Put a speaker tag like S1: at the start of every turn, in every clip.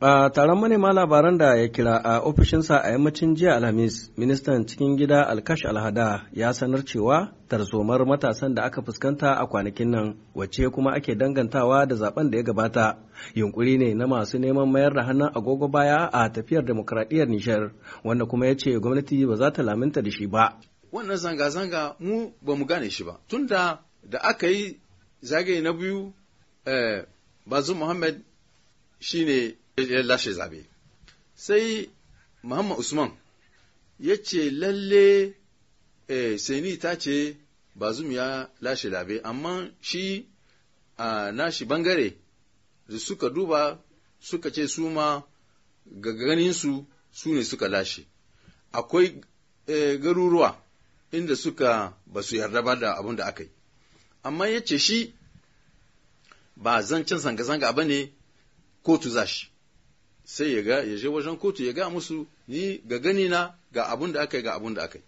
S1: A taron manema labaran da ya kira a ofishinsa a yammacin jiya Alhamis, ministan cikin gida Alkash Alhada ya sanar cewa tarzomar matasan da aka fuskanta a kwanakin nan wacce kuma ake dangantawa da zaben da ya gabata. Yunkuri ne na masu neman mayar da hannun agogo baya a tafiyar demokradiyyar Nishar, wanda kuma ya ce gwamnati ba za ta laminta da shi ba.
S2: Wannan zanga-zanga mu ba mu gane shi ba. Tunda da aka yi zagaye na biyu, eh, bazu Muhammad shine ya lashe zabe sai muhammad usman ya ce lalle eh, seni ta ce bazum ya lashe zabe amma shi a nashi bangare da suka duba suka ce su ma ga ganinsu su ne suka lashe akwai eh, garuruwa inda suka ba su yarda ba da abin da aka yi amma ya ce shi ba zancen zanga-zanga ba ne kotu za shi sai ya ga ya je wajen kotu ya ga musu ni ga gani na ga abun da aka yi ga abun da aka yi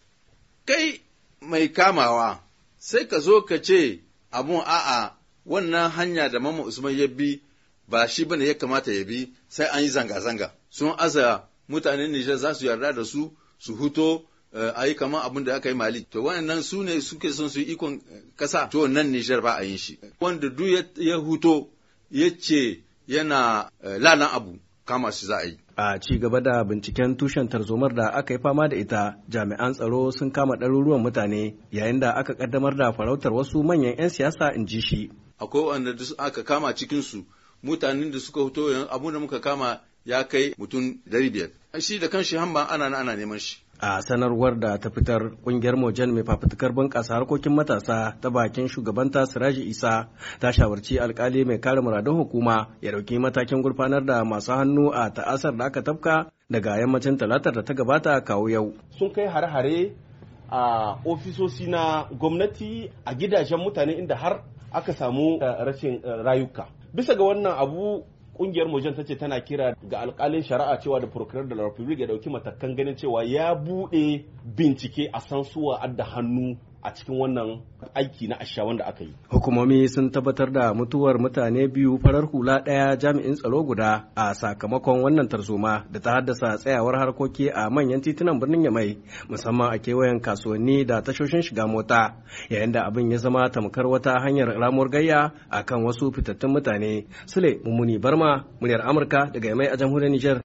S2: kai mai kamawa sai ka zo ka ce abun a'a wannan hanya da mama usman ya bi ba shi bane ya kamata ya bi sai an yi zanga-zanga sun aza mutanen nijar za su yarda da su su huto eh, a yi kama abin da aka yi mali to wannan su ne suke son su ikon kasa eh, to nan nijar ba a yin shi wanda duk ya huto ya ce yana eh, lalan abu kama shi za a yi.
S1: A ci gaba da binciken tushen tarzomar da aka yi fama da ita, jami'an tsaro sun kama ɗaruruwan mutane yayin da aka kaddamar da farautar wasu manyan 'yan siyasa in ji shi.
S2: Akwai wanda aka kama cikinsu mutanen da suka fito yanzu abu da muka kama ya kai mutum dari biyar. Shi da kanshi hamba ana ana neman shi.
S1: a sanarwar da ta fitar kungiyar mojan mai fafutukar bunƙasa harkokin matasa ta bakin shugabanta siraji isa ta shawarci alkali mai kare muradun hukuma ya dauki matakin gurfanar da masu hannu
S3: a ta'asar da aka tafka daga yammacin talatar da ta gabata kawo yau sun kai hare-hare a ofisoshi na gwamnati a gidajen mutane inda har aka samu eh, rashin eh, rayuka bisa ga wannan abu kungiyar mojan ta ce tana kira ga alkalin shari'a cewa da procurer da republic ya dauki matakan ganin cewa ya bude bincike a san suwa adda hannu a cikin wannan aiki na asha wanda aka yi.
S1: Hukumomi sun tabbatar da mutuwar mutane biyu farar hula ɗaya jami'in tsaro guda a sakamakon wannan tarzoma da ta haddasa tsayawar harkoki a manyan titunan birnin Yamai musamman a kewayen kasuwanni da tashoshin shiga mota yayin da abin ya zama tamkar wata hanyar ramuwar gayya akan wasu fitattun mutane. Sule Mumuni Barma, muryar Amurka daga Yamai a jamhuriyar Nijar.